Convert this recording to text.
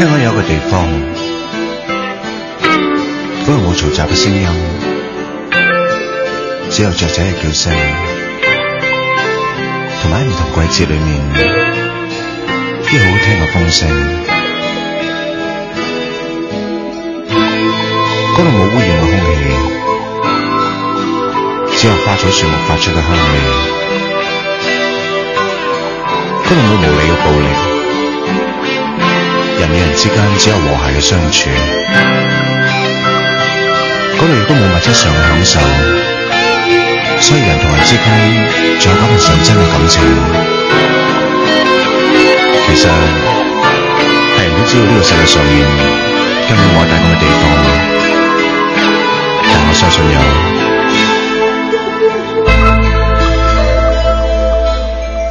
聽講有一個地方，嗰度冇嘈雜嘅聲音，只有雀仔嘅叫聲，同埋喺唔同季節裏面，啲好聽嘅風聲。嗰度冇污染嘅空氣，只有花草樹木發出嘅香味。嗰度冇無理嘅暴力。人與人之間只有和諧嘅相處，嗰度亦都冇物質上嘅享受，所以人同人之間仲有嗰份純真嘅感情。其實係人都知道呢個世界上面根本冇愛大噉嘅地方，但我相信有。